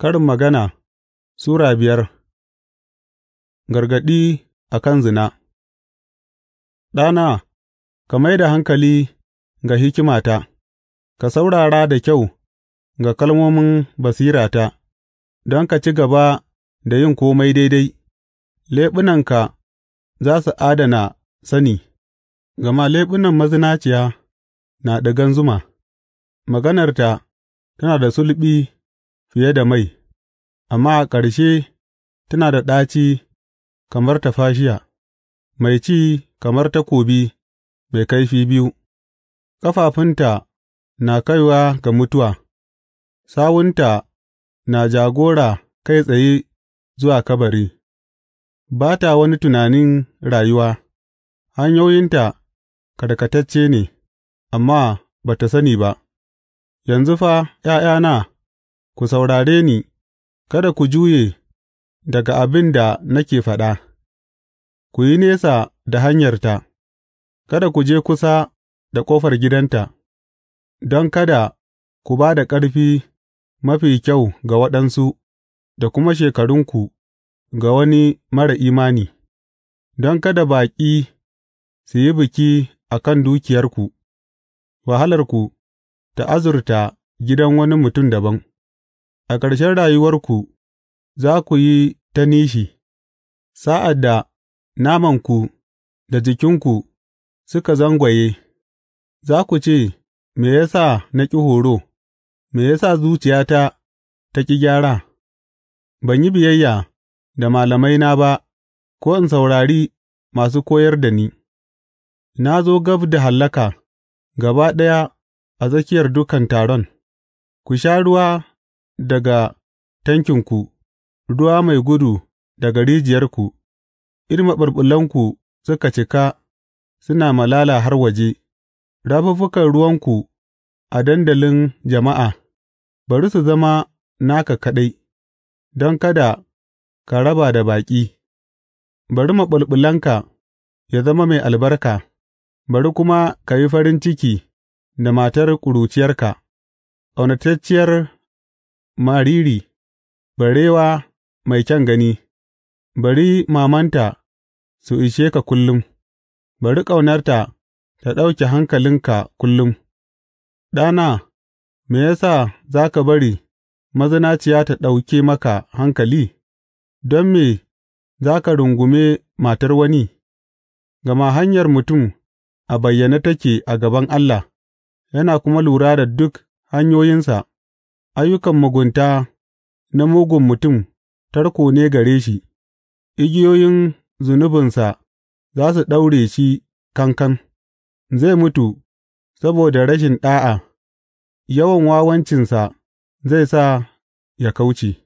Karin Magana Sura biyar Gargaɗi a kan zina Ɗana, ka mai da hankali ga hikimata, ka saurara da kyau ga kalmomin basirata, don ka ci gaba da yin komai daidai, leɓunanka za su adana sani, gama leɓunan mazinaciya na ɗigan zuma, maganarta tana da sulɓi fiye da mai, amma a ƙarshe tana da ɗaci kamar ta fashiya, mai ci kamar takobi mai kaifi biyu, ƙafafunta na kaiwa ga mutuwa, sawunta na jagora kai tsaye zuwa kabari, ba ta wani tunanin rayuwa, hanyoyinta karkatacce ne, amma ba ta sani ba, yanzu fa, ’ya'yana. Ku saurare ni; kada ku juye daga abin da nake faɗa; ku yi nesa da hanyarta, kada ku je kusa da ƙofar gidanta, don kada ku ba da ƙarfi mafi kyau ga waɗansu da kuma shekarunku ga wani mara imani, don kada baƙi su yi biki a kan dukiyarku, wahalarku ta azurta gidan wani mutum dabam. A ƙarshen rayuwarku za ku yi ta nishi, sa'ad da namanku da jikinku suka zangwaye, za ku ce, Me ya sa na ƙi horo, me ya sa zuciyata ta ƙi gyara? Ban yi biyayya da malamaina ba, ko in saurari masu koyar da ni, na zo gab da hallaka gaba ɗaya a tsakiyar dukan taron, ku sha ruwa daga tankinku, ruwa mai gudu daga rijiyarku, in maɓulɓulanku suka cika suna malala har waje, rafuffukan ruwanku a dandalin jama'a, bari su zama naka kaɗai, don kada ka raba da baƙi, bari maɓulɓulanka ya zama mai albarka, bari kuma ka yi farin ciki da matar ƙuruciyarka, ƙaunatacciyar mariri, barewa mai kyan gani, bari mamanta su ishe ka kullum, bari ƙaunarta ta ɗauke hankalinka kullum, ɗana, me ya sa za ka bari mazanaciya ta ɗauke maka hankali, don me za ka rungume matar wani, gama hanyar mutum a bayyane take a gaban Allah, yana kuma lura da duk hanyoyinsa. Ayyukan mugunta na mugun mutum tarko ne gare shi; igiyoyin zunubinsa za su ɗaure shi kankan, zai mutu saboda rashin ɗa'a, yawan wawancinsa zai sa ya kauce.